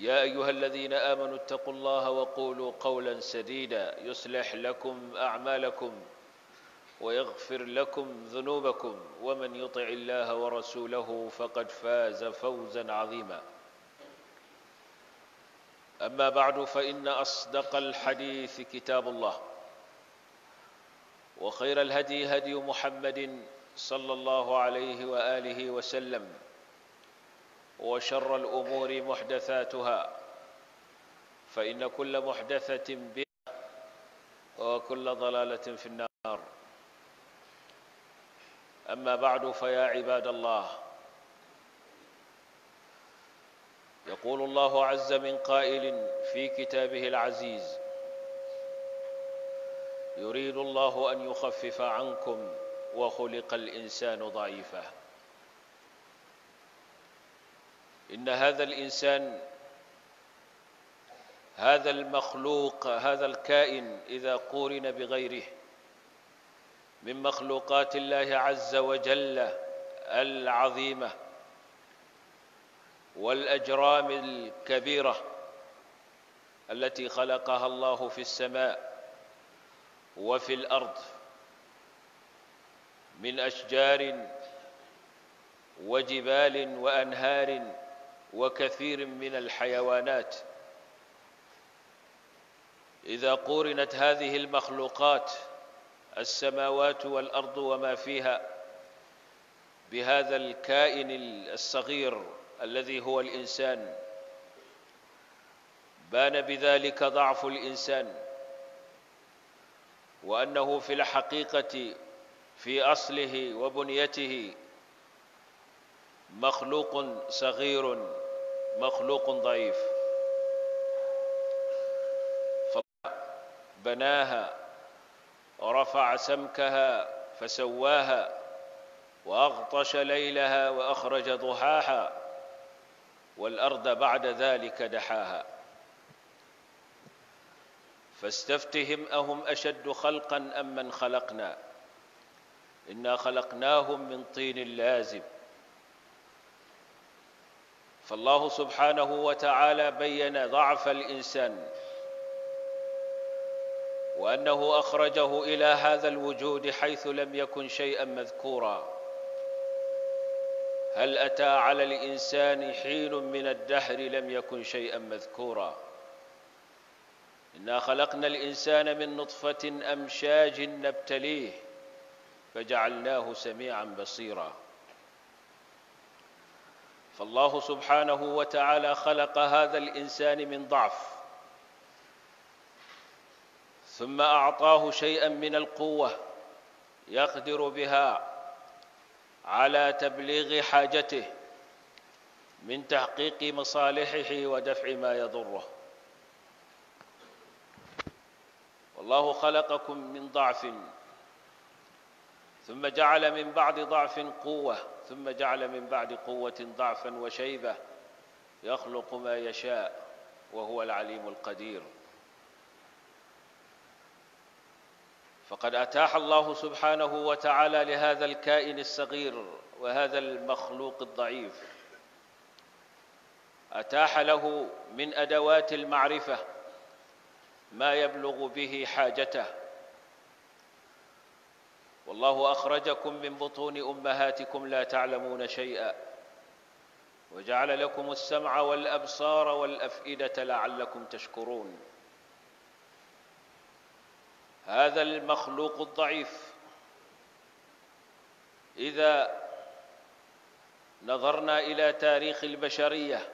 يا ايها الذين امنوا اتقوا الله وقولوا قولا سديدا يصلح لكم اعمالكم ويغفر لكم ذنوبكم ومن يطع الله ورسوله فقد فاز فوزا عظيما اما بعد فان اصدق الحديث كتاب الله وخير الهدي هدي محمد صلى الله عليه واله وسلم وشر الأمور محدثاتها فإن كل محدثة بها وكل ضلالة في النار أما بعد فيا عباد الله يقول الله عز من قائل في كتابه العزيز يريد الله أن يخفف عنكم وخلق الإنسان ضعيفاً إن هذا الإنسان هذا المخلوق هذا الكائن إذا قورن بغيره من مخلوقات الله عز وجل العظيمة والأجرام الكبيرة التي خلقها الله في السماء وفي الأرض من أشجار وجبال وأنهار وكثير من الحيوانات إذا قورنت هذه المخلوقات السماوات والأرض وما فيها بهذا الكائن الصغير الذي هو الإنسان بان بذلك ضعف الإنسان وأنه في الحقيقة في أصله وبنيته مخلوق صغير مخلوق ضعيف بناها ورفع سمكها فسواها واغطش ليلها واخرج ضحاها والارض بعد ذلك دحاها فاستفتهم اهم اشد خلقا ام من خلقنا انا خلقناهم من طين لازب فالله سبحانه وتعالى بين ضعف الانسان وانه اخرجه الى هذا الوجود حيث لم يكن شيئا مذكورا هل اتى على الانسان حين من الدهر لم يكن شيئا مذكورا انا خلقنا الانسان من نطفه امشاج نبتليه فجعلناه سميعا بصيرا فالله سبحانه وتعالى خلق هذا الانسان من ضعف ثم اعطاه شيئا من القوه يقدر بها على تبليغ حاجته من تحقيق مصالحه ودفع ما يضره والله خلقكم من ضعف ثم جعل من بعد ضعف قوه ثم جعل من بعد قوه ضعفا وشيبه يخلق ما يشاء وهو العليم القدير فقد اتاح الله سبحانه وتعالى لهذا الكائن الصغير وهذا المخلوق الضعيف اتاح له من ادوات المعرفه ما يبلغ به حاجته والله أخرجكم من بطون أمهاتكم لا تعلمون شيئا وجعل لكم السمع والأبصار والأفئدة لعلكم تشكرون هذا المخلوق الضعيف إذا نظرنا إلى تاريخ البشرية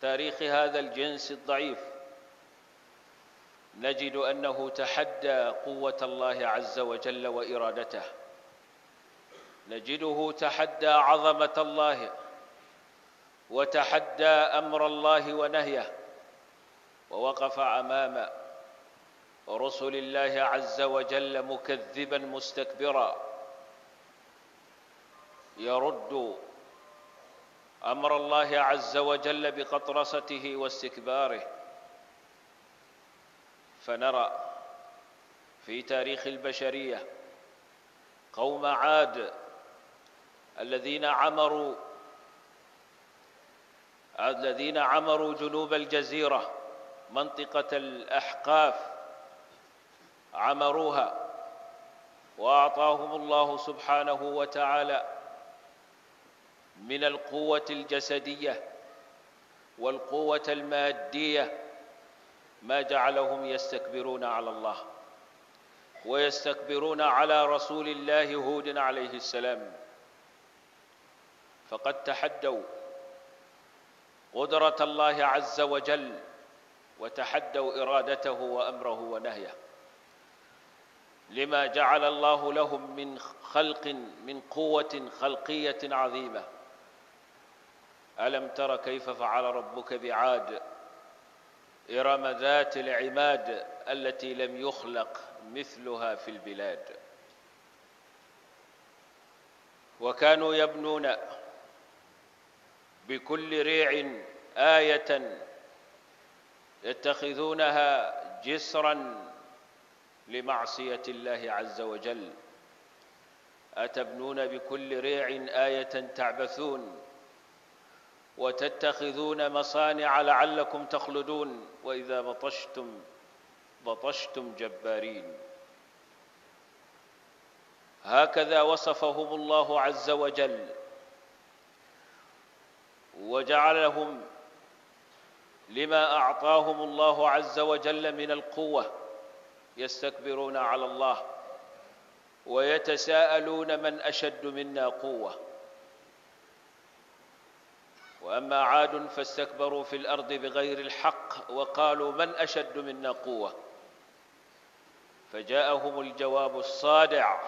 تاريخ هذا الجنس الضعيف نجد أنه تحدى قوة الله عز وجل وإرادته نجده تحدى عظمة الله وتحدى أمر الله ونهيه ووقف أمام رسل الله عز وجل مكذبا مستكبرا يرد أمر الله عز وجل بقطرسته واستكباره فنرى في تاريخ البشريه قوم عاد الذين عمروا الذين عمروا جنوب الجزيره منطقه الاحقاف عمروها واعطاهم الله سبحانه وتعالى من القوه الجسديه والقوه الماديه ما جعلهم يستكبرون على الله ويستكبرون على رسول الله هود عليه السلام فقد تحدوا قدرة الله عز وجل وتحدوا إرادته وأمره ونهيه لما جعل الله لهم من خلق من قوة خلقية عظيمة ألم تر كيف فعل ربك بعاد؟ إرم ذات العماد التي لم يخلق مثلها في البلاد وكانوا يبنون بكل ريع آية يتخذونها جسرا لمعصية الله عز وجل أتبنون بكل ريع آية تعبثون وتتخذون مصانع لعلكم تخلدون واذا بطشتم بطشتم جبارين هكذا وصفهم الله عز وجل وجعلهم لما اعطاهم الله عز وجل من القوه يستكبرون على الله ويتساءلون من اشد منا قوه واما عاد فاستكبروا في الارض بغير الحق وقالوا من اشد منا قوه فجاءهم الجواب الصادع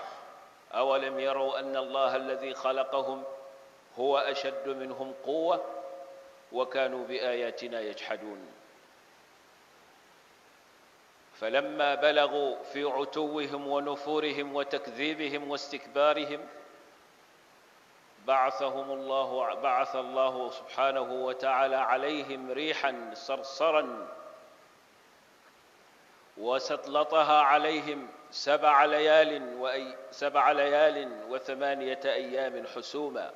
اولم يروا ان الله الذي خلقهم هو اشد منهم قوه وكانوا باياتنا يجحدون فلما بلغوا في عتوهم ونفورهم وتكذيبهم واستكبارهم بعثهم الله بعث الله سبحانه وتعالى عليهم ريحا صرصرا وسطلطها عليهم سبع ليال وأي سبع ليال وثمانية أيام حسوما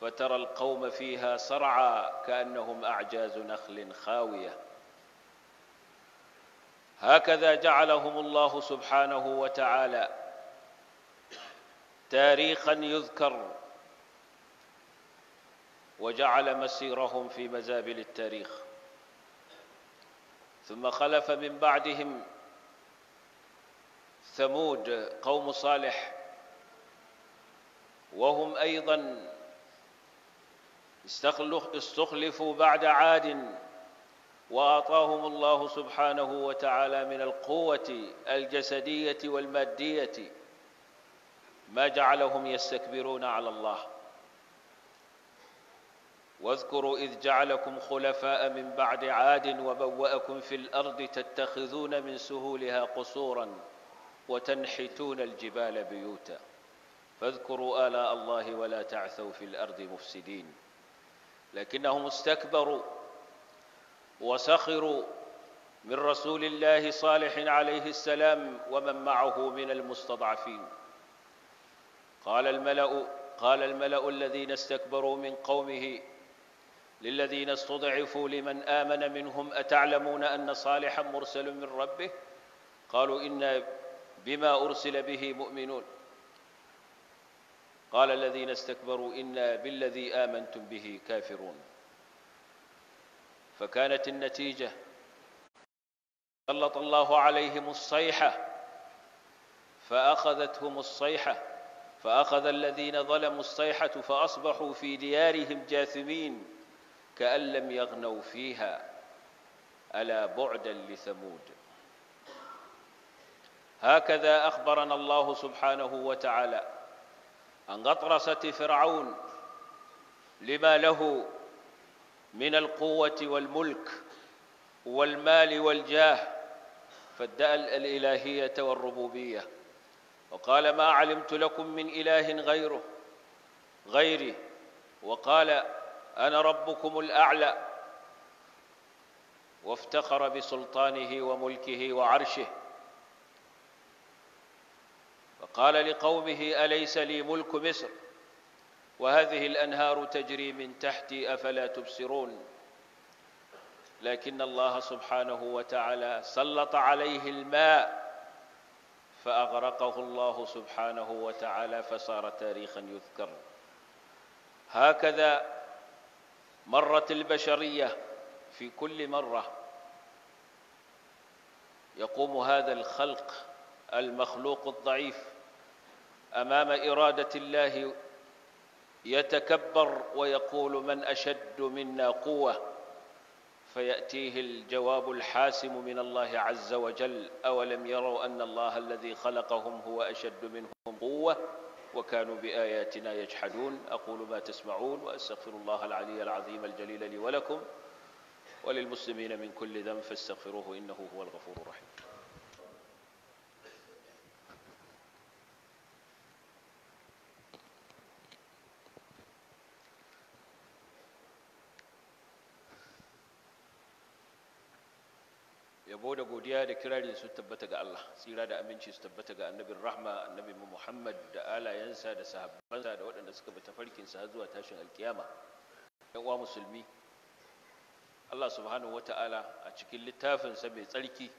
فترى القوم فيها صرعى كأنهم أعجاز نخل خاوية هكذا جعلهم الله سبحانه وتعالى تاريخا يذكر وجعل مسيرهم في مزابل التاريخ ثم خلف من بعدهم ثمود قوم صالح وهم ايضا استخلفوا بعد عاد واعطاهم الله سبحانه وتعالى من القوه الجسديه والماديه ما جعلهم يستكبرون على الله واذكروا إذ جعلكم خلفاء من بعد عاد وبوأكم في الأرض تتخذون من سهولها قصورا وتنحتون الجبال بيوتا فاذكروا آلاء الله ولا تعثوا في الأرض مفسدين لكنهم استكبروا وسخروا من رسول الله صالح عليه السلام ومن معه من المستضعفين قال الملأ قال الملأ الذين استكبروا من قومه للذين استضعفوا لمن آمن منهم أتعلمون أن صالحا مرسل من ربه قالوا إنا بما أرسل به مؤمنون قال الذين استكبروا إنا بالذي آمنتم به كافرون فكانت النتيجة سلط الله عليهم الصيحة فأخذتهم الصيحة فأخذ الذين ظلموا الصيحة فأصبحوا في ديارهم جاثمين كأن لم يغنوا فيها ألا بعدا لثمود هكذا أخبرنا الله سبحانه وتعالى عن غطرسة فرعون لما له من القوة والملك والمال والجاه فادعى الإلهية والربوبية وقال ما علمت لكم من إله غيره غيري وقال انا ربكم الاعلى وافتخر بسلطانه وملكه وعرشه فقال لقومه اليس لي ملك مصر وهذه الانهار تجري من تحتي افلا تبصرون لكن الله سبحانه وتعالى سلط عليه الماء فاغرقه الله سبحانه وتعالى فصار تاريخا يذكر هكذا مرت البشرية في كل مرة يقوم هذا الخلق المخلوق الضعيف أمام إرادة الله يتكبر ويقول من أشد منا قوة فيأتيه الجواب الحاسم من الله عز وجل أولم يروا أن الله الذي خلقهم هو أشد منهم قوة وكانوا باياتنا يجحدون اقول ما تسمعون واستغفر الله العلي العظيم الجليل لي ولكم وللمسلمين من كل ذنب فاستغفروه انه هو الغفور الرحيم yabo da godiya da kirari su tabbata ga Allah tsira da aminci su tabbata ga annabin rahma annabi Muhammad da alayansa da sahabbansa da waɗanda suka bi tafarkin sa zuwa tashin alkiyama yan uwa musulmi Allah subhanahu wata'ala a cikin littafin sa mai tsarki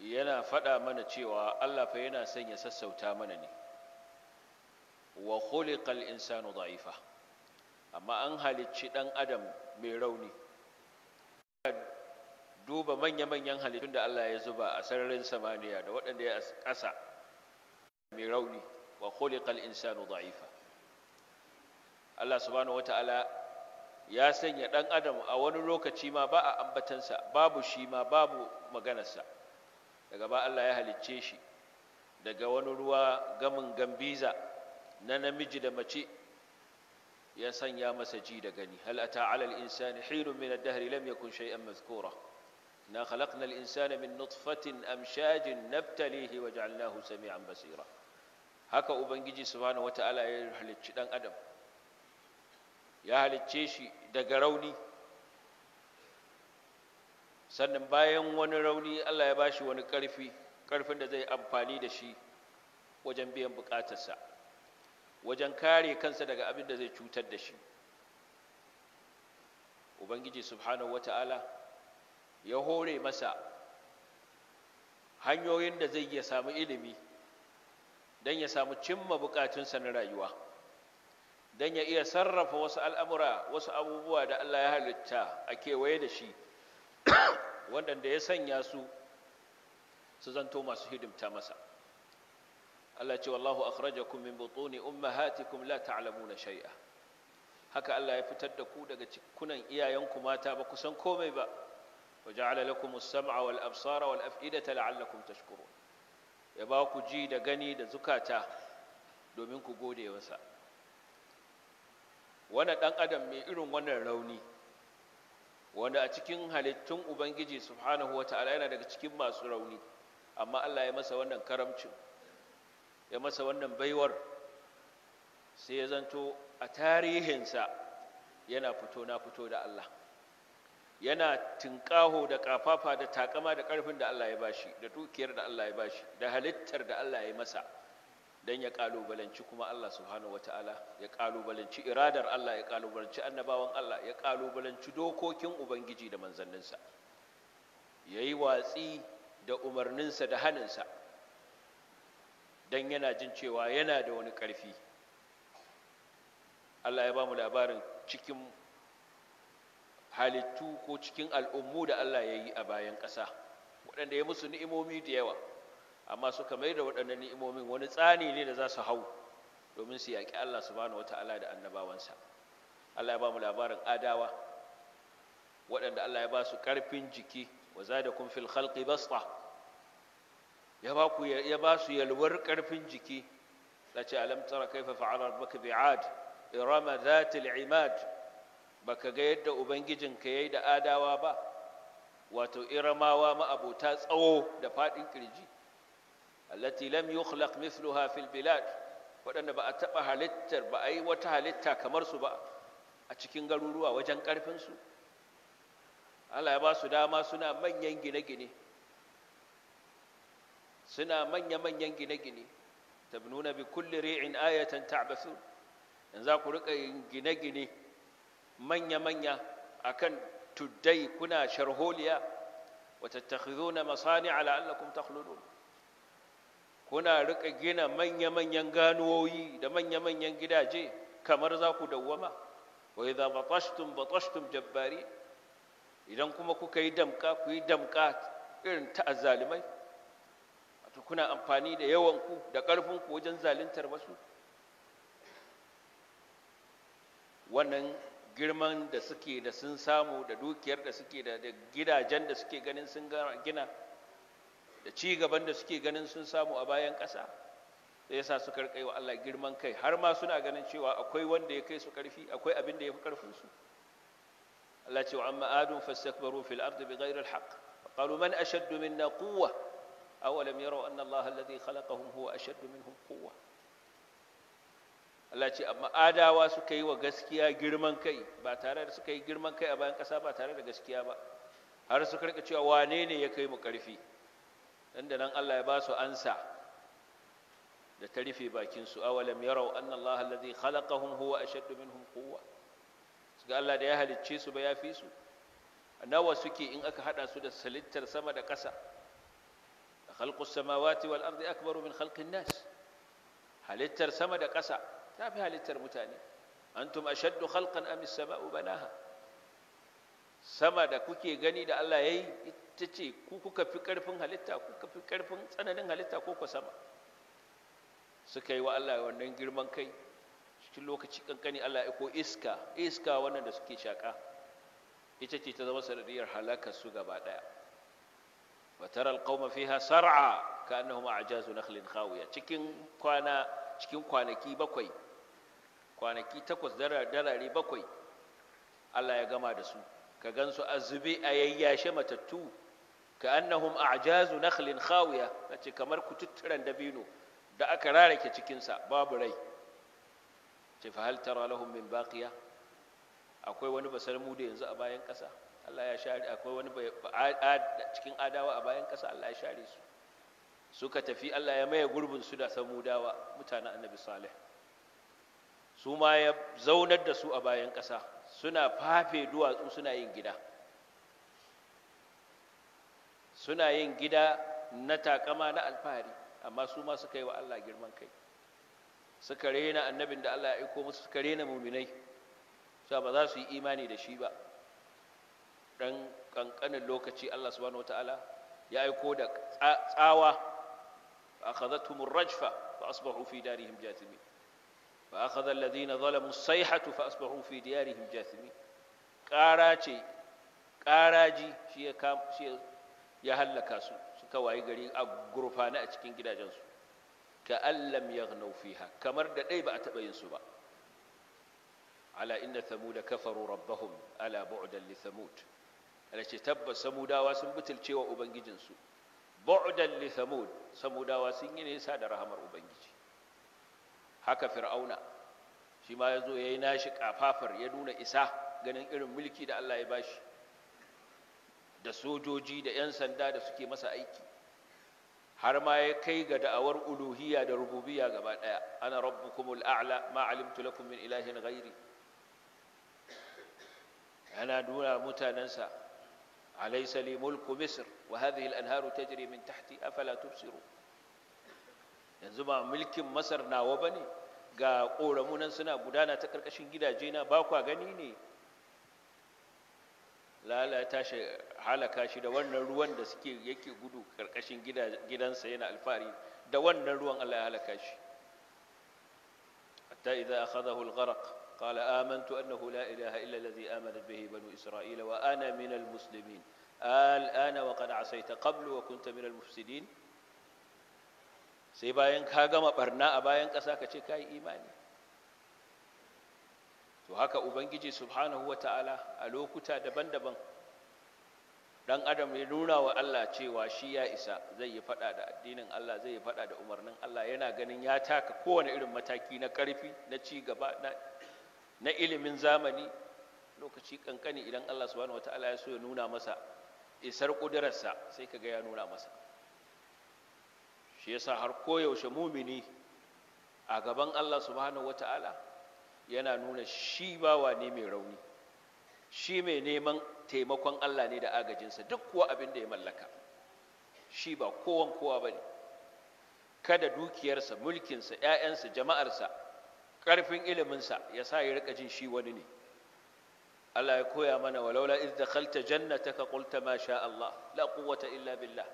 yana faɗa mana cewa Allah fa yana son ya sassauta mana ne wa khuliqal insanu da'ifa amma an halicci dan adam mai rauni duba manya-manyan halittun da Allah ya zuba a sararin samaniya da waɗanda ya ƙasa mai rauni wa khuliqal insanu da'ifa Allah subhanahu wata'ala ya sanya ɗan adam a wani lokaci ma ba a ambatansa babu shi ma babu maganarsa daga ba Allah ya halicce shi daga wani ruwa gamin gambiza na namiji da mace ya sanya masa ji da gani hal ata alal insani hilun min ad-dahr lam yakun shay'an mazkura na khalaqnal insana min nutfatin amshajin nabtalihi wa ja'alnahu sami'an basira haka ubangiji subhanahu wata'ala ya halicci dan adam ya halicce shi daga rauni sannan bayan wani rauni Allah ya bashi wani ƙarfi ƙarfin da zai amfani da shi wajen biyan buƙatarsa wajen kare kansa daga abin da zai cutar da shi ubangiji subhanahu wata'ala ya hore masa hanyoyin da zai iya samu ilimi don ya samu cimma bukatunsa na rayuwa don ya iya sarrafa wasu al'amura wasu abubuwa da Allah ya halitta a kewaye da shi waɗanda ya sanya su su zanto masu hidimta masa Allah ce wallahu akhrajakum min butuni ummahatikum la na shari'a, haka Allah ya fitar da ku daga cikunan iyayenku mata ba ku san komai ba وجعل لكم السمع والأبصار والأفئدة لعلكم تشكرون ya ba ku ji da gani da zukata domin ku gode masa wani ɗan adam mai irin wannan rauni wanda a cikin halittun ubangiji subhanahu wa ta'ala yana daga cikin masu rauni amma Allah ya masa wannan karamcin ya masa wannan baiwar sai ya zanto a tarihinsa yana fito na fito da Allah yana tinkaho da kafafa da takama da ƙarfin da Allah ya bashi da dukiyar da Allah ya bashi da halittar da Allah ya masa dan ya kalubalanci kuma Allah subhanahu wataala ya kalubalanci iradar Allah ya kalubalanci annabawan Allah ya kalubalanci dokokin ubangiji da manzanninsa yayi watsi da umarninsa da haninsa dan yana jin cewa yana da wani karfi Allah ya ba mu labarin cikin halittu ko cikin al'ummu da Allah ya yi a bayan ƙasa waɗanda ya musu ni'imomi da yawa amma suka mai da waɗannan ni'imomin wani tsani ne da za su hau domin su yaƙi Allah subhanahu wata'ala da annabawansa Allah ya ba mu labarin adawa waɗanda Allah ya ba su ƙarfin jiki wa zadakum fil khalqi basta ya ba ku ya ba su yalwar ƙarfin jiki lace alam tara kaifa fa'ala rabbuka bi'ad irama dhatil imad baka ga yadda ubangijinka yayi da adawa ba wato iramawa ma'abota tsawo da faɗin kirji allati lam yukhlaq mithluha fil bilad waɗanda ba a taɓa halittar ba a yi wata halitta kamar su ba a cikin garuruwa wajen ƙarfinsu Allah ya ba su dama suna manyan gine-gine suna manya-manyan gine-gine nuna bi kulli ri'in ayatan ta'basun yanzu ku riƙa gine-gine manya-manya a kan tuddai kuna sharholiya wa tattakhidhuna masani'a la'allakum takhludun kuna rika gina manya-manyan ganuwoyi da manya-manyan gidaje kamar za ku dawwama wa idza batashtum batashtum jabbari idan kuma kuka yi damka ku yi damka irin ta azzalimai wato kuna amfani da yawan ku da karfin wajen zaluntar wasu wannan girman da suke da sun samu da dukiyar da suke da da gidajen da suke ganin sun gina da ci gaban da suke ganin sun samu a bayan ƙasa sai yasa suka rika wa Allah girman kai har ma suna ganin cewa akwai wanda ya kai su karfi akwai abin da ya fi ƙarfin su Allah ce wa amma adun fastakbaru fil ardi bighairi alhaq qalu man ashaddu minna quwwa aw lam yaraw anna Allah alladhi khalaqahum huwa ashaddu minhum quwwa Allah ce amma adawa suka yi wa gaskiya girman kai ba tare da suka yi girman kai a bayan ƙasa ba tare da gaskiya ba har suka rika cewa wane ne ya kai mu ƙarfi dan da nan Allah ya ba su ansa da ta rufe bakin su awalam yarau anna Allah alladhi khalaqahum huwa ashaddu minhum quwwa ga Allah da ya halicce su ba ya fi su nawa suke in aka hada su da salittar sama da ƙasa khalqus samawati wal ardi akbaru min khalqin nas halittar sama da ƙasa ta fi halittar mutane antum ashaddu khalqan am as-sama'u banaha sama da kuke gani da Allah yayi ita ce ku kuka fi karfin halitta kuka fi karfin tsananin halitta ko ku sama suka yi wa Allah wannan girman kai cikin lokaci kankani Allah ya ko iska iska wannan da suke shaka ita ce ta zama sanadiyar halakar su gaba daya wa tara al-qauma fiha sar'a ka annahum ajazu nakhlin khawiya cikin kwana cikin kwanaki bakwai kwanaki takwas darare bakwai Allah ya gama da su ka gansu azube a yayyashe matattu ka annahum a'jazu nakhlin khawiya nace kamar kututturan dabino da aka rarake cikin sa babu rai ce fa hal tara lahum min baqiya akwai wani basalmu da yanzu a bayan kasa Allah ya share akwai wani cikin adawa a bayan kasa Allah ya share su suka tafi Allah ya maye gurbin su da samudawa mutanen annabi salih su ma ya zaunar da su a bayan ƙasa suna fafe duwatsu suna yin gida suna yin gida na takama na alfahari amma su ma suka yi wa Allah girman kai suka rena annabin da Allah ya aiko musu suka rena muminai sa ba za su yi imani da shi ba dan kankanin lokaci Allah subhanahu wataala ya aiko da tsawa فأخذتهم الرجفة فأصبحوا في دارهم جاثمين فأخذ الذين ظلموا الصيحة فأصبحوا في ديارهم جاثمين كاراجي كاراجي شيء كام شيء يهلك كاسو سكواي غري أغرفانا أتكين كدا جنسو كأن لم يغنوا فيها كمر أي بقى تبين سبا على إن ثمود كفروا ربهم ألا بعدا لثمود ألا تتب سمودا واسم بتل شيء وأبنجي جنسو bu'dan li samud samudawa sun yi nesa da rahamar ubangiji haka fir'auna shi ma ya zo ya yi nashi kafafar ya nuna isa ganin irin mulki da Allah ya bashi da sojoji da 'yan sanda da suke masa aiki har ma ya kai ga da'awar uluhiyya da rububiyya gaba ɗaya ana rabbukumul a'la ma alimtu lakum min ilahin ghairi Ana nuna mutanensa alaysa li mulku misr wa hadhihi al-anharu tajri min tahti afala tubsiru yanzu ba mulkin masar nawa bane ga ƙoramunan suna gudana ta karkashin gidaje na ba kwa gani ne lalata shi halaka shi da wannan ruwan da suke yake gudu karkashin gidansa yana alfahari da wannan ruwan Allah ya halaka shi hatta idza akhadahu al-gharq قال آمنت أنه لا إله إلا الذي آمنت به بنو إسرائيل وأنا من المسلمين الآن وقد عصيت قبل وكنت من المفسدين sai bayan ka gama barna a bayan ƙasa ka ce ka yi imani to haka ubangiji subhanahu wata'ala a lokuta daban-daban dan adam ya nuna wa Allah cewa shi ya isa zai yi fada da addinin Allah zai yi fada da umarnin Allah yana ganin ya taka kowane irin mataki na ƙarfi na ci gaba na na ilimin zamani lokaci kankani idan Allah subhanahu wata'ala ya so ya nuna masa isar kudirarsa sai kaga ya nuna masa shi yasa har koyaushe mumini a gaban Allah subhanahu wata'ala yana nuna shi bawa ne mai rauni shi mai neman taimakon Allah ne da agajinsa duk kuwa abin da ya mallaka shi ba kowan kowa ba ne kada dukiyarsa mulkinsa ‘ya'yansa jama'arsa ƙarfin iliminsa ya sa ya rika jin shi wani ne Allah ya koya mana walaula iz dakhalta jannataka qulta ma sha Allah la quwwata illa billah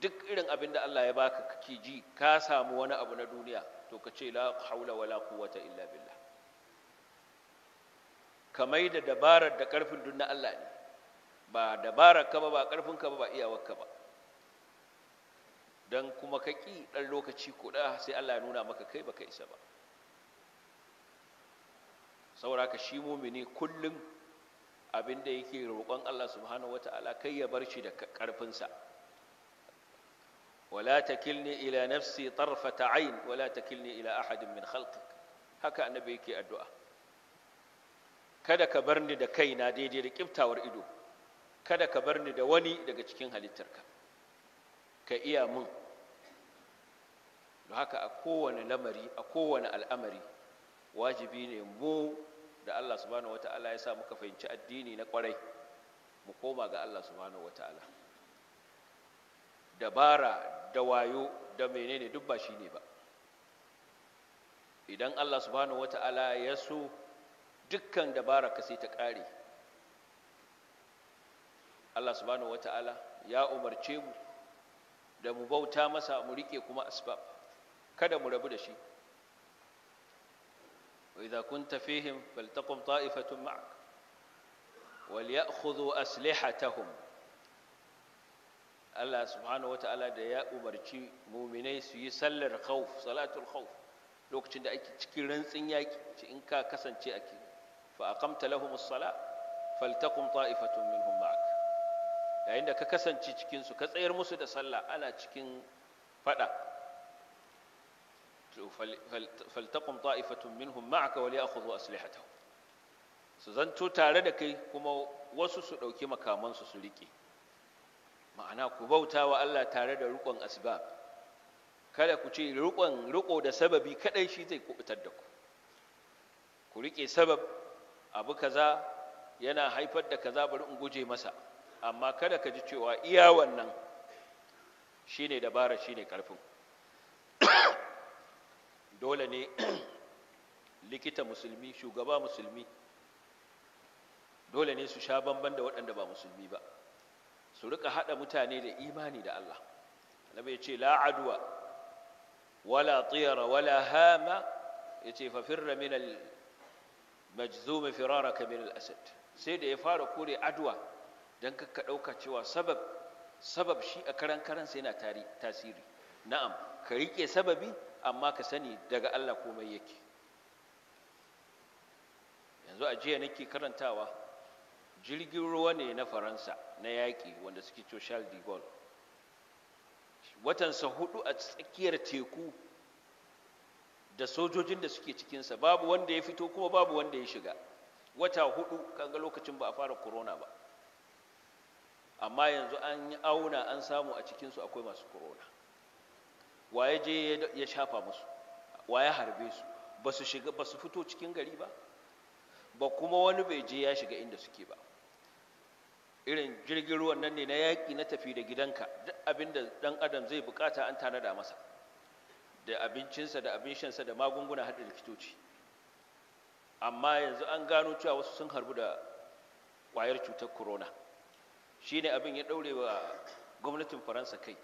duk irin abin da Allah ya baka kake ji ka samu wani abu na duniya to ka ce la haula wala quwwata illa billah kamai da dabarar da karfin dunna Allah ne ba dabarar ka ba ba karfin ka ba ba iyawar ka ba don kuma ka ƙi ɗan lokaci kuɗa sai Allah ya nuna maka kai baka isa ba Saura ka shi mumini kullum abin da yake roƙon Allah subhanahu wata'ala kai ya bar shi da ƙarfinsa wala takilni ila nafsi tarfata ayn wala takilni ila ahadin min khalqik haka annabi yake addu'a kada ka bar ni da kaina daidai da kiftawar ido kada ka bar ni da wani daga cikin halittarka ka iya mun da haka a kowane lamari a kowane al'amari wajibi ne mu da Allah subhanahu wata'ala ya sa muka fahimci addini na kwarai mu koma ga Allah subhanahu wata'ala dabara da wayo da menene duk ba shine ba idan Allah subhanahu wata'ala ya so dukkan dabara ka sai ta kare Allah subhanahu wata'ala ya umarce mu da mu bauta masa mu rike kuma asbab kada mu rabu da shi wa idza kunta fihim faltaqum ta'ifatun ma'ak wal ya'khudhu aslihatahum Allah subhanahu wata'ala da ya umarci muminai su yi sallar khawf salatul khawf lokacin da ake cikin rantsin yaki ci in ka kasance ake fa aqamta lahumus sala faltaqum ta'ifatun minhum ma'ak yayin da ka kasance cikin ka tsayar musu da sallah ana cikin faɗa. faltaqum ta'ifatun minhum ma'aka wa liyakhudhu aslihatahum su zanto tare da kai kuma wasu su ɗauki makamansu su su rike ma'ana ku bauta wa Allah tare da rukon asbab kada ku ce riƙon riƙo da sababi kaɗai shi zai kubutar da ku ku rike sabab abu kaza yana haifar da kaza bari in guje masa amma kada ka ji cewa iyawannan wannan shine dabara shine ƙarfin. dole ne likita musulmi shugaba musulmi dole ne su sha bamban da waɗanda ba musulmi ba su rika haɗa mutane da imani da Allah annabi ya ce la adwa wala tiyara wala hama ya ce fafirra min al majzumi firaraka min al asad sai da ya fara kore adwa dan kakka ɗauka cewa sabab sabab shi a karan karan sai yana tasiri na'am ka rike sababi amma ka sani daga Allah komai yake yanzu a jiya nake karantawa jirgin ruwa ne na faransa na yaƙi wanda suke cewa charles de gaulle watansa hudu a tsakiyar teku da sojojin da suke cikinsa babu wanda ya fito kuma babu wanda ya shiga wata hudu kaga lokacin ba a fara corona ba amma yanzu an auna an samu a cikinsu akwai masu corona waye je ya shafa musu waye harbe su ba su shiga ba su fito cikin gari ba ba kuma wani bai je ya shiga inda suke ba irin jirgin ruwan nan ne na yaƙi na tafi da gidanka duk abin da ɗan adam zai bukata an tanada masa da abincinsa da abin shansa da magunguna haɗa likitoci amma yanzu an gano cewa wasu sun harbu da kwayar cutar corona shine abin ya ɗaure wa gwamnatin faransa kai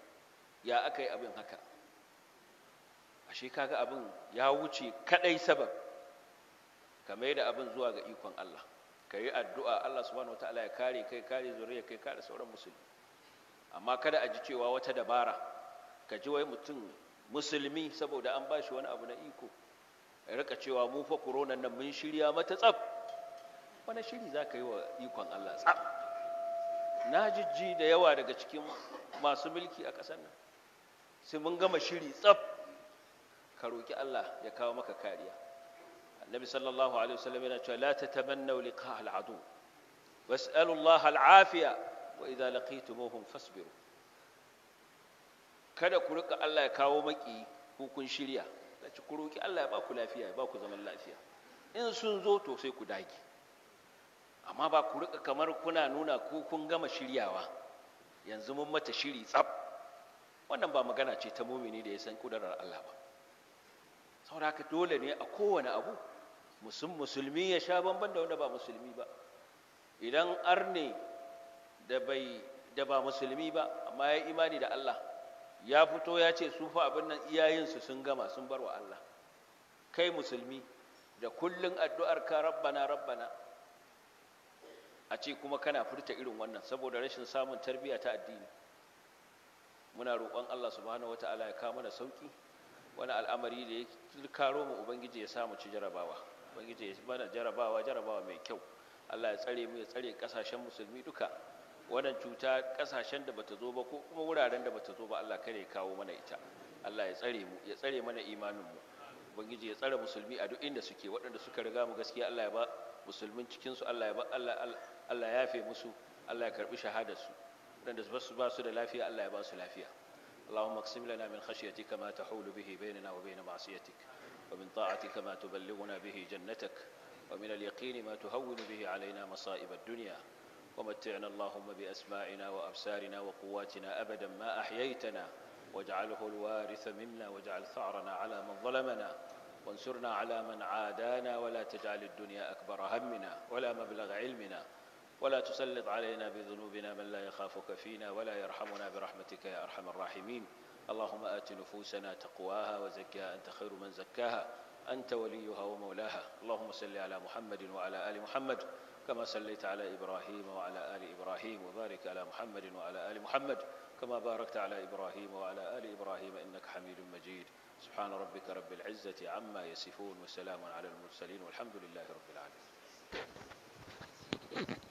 ya aka yi abin haka ashe kaga abin ya wuce kadai sabab ka mai da abin zuwa ga ikon Allah ka yi addu'a Allah subhanahu wataala ya kare kai kare zuriya kai kare sauran musulmi amma kada a ji cewa wata dabara ka ji wai mutum musulmi saboda an bashi wani abu na iko ya rika cewa mu fa nan mun shirya mata tsaf wani shiri za ka yi wa ikon Allah tsaf na jijji da yawa daga cikin masu mulki a ƙasar nan sai mun gama shiri tsaf ka roki Allah ya kawo maka kariya annabi sallallahu alaihi wasallam yana cewa la tatamannu liqa al adu was'alu Allah al afiya wa idza laqitumuhum fasbiru kada ku rika Allah ya kawo maki ko kun shirya kace ku roki Allah ya ba ku lafiya ya ba ku zaman lafiya in sun zo to sai ku dage amma ba ku rika kamar kuna nuna ko kun gama shiryawa yanzu mun mata shiri tsab wannan ba magana ce ta mumini da ya san kudarar Allah ba sauraka dole ne a kowane abu musulmi ya sha bamban da wanda ba musulmi ba idan arne da da ba musulmi ba amma ya imani da Allah ya fito ya ce su fa abin nan iyayensu sun gama sun bar wa Allah kai musulmi da kullun addu'ar ka rabbana rabbana a ce kuma kana furta irin wannan saboda rashin samun tarbiyya ta addini muna roƙon Allah subhanahu wataala ya kawo mana sauƙi. wani al'amari da ya karo mu ubangiji ya samu ci jarabawa ubangiji ya bana jarabawa jarabawa mai kyau Allah ya tsare mu ya tsare kasashen musulmi duka wannan cuta kasashen da bata zo ba ko kuma wuraren da bata zo ba Allah kare kawo mana ita Allah ya tsare mu ya tsare mana imanin mu ubangiji ya tsare musulmi a duk inda suke waɗanda suka riga mu gaskiya Allah ya ba musulmin cikin su Allah ya ba Allah Allah ya yafe musu Allah ya karbi shahadar su waɗanda ba su da lafiya Allah ya ba su lafiya اللهم اقسم لنا من خشيتك ما تحول به بيننا وبين معصيتك ومن طاعتك ما تبلغنا به جنتك ومن اليقين ما تهون به علينا مصائب الدنيا ومتعنا اللهم بأسماعنا وأبصارنا وقواتنا أبدا ما أحييتنا واجعله الوارث منا واجعل ثأرنا على من ظلمنا وانصرنا على من عادانا ولا تجعل الدنيا أكبر همنا ولا مبلغ علمنا ولا تسلط علينا بذنوبنا من لا يخافك فينا ولا يرحمنا برحمتك يا أرحم الراحمين اللهم آت نفوسنا تقواها وزكها أنت خير من زكاها أنت وليها ومولاها اللهم صل على محمد وعلى آل محمد كما صليت على إبراهيم وعلى آل إبراهيم وبارك على محمد وعلى آل محمد كما باركت على إبراهيم وعلى آل إبراهيم إنك حميد مجيد سبحان ربك رب العزة عما يصفون وسلام على المرسلين والحمد لله رب العالمين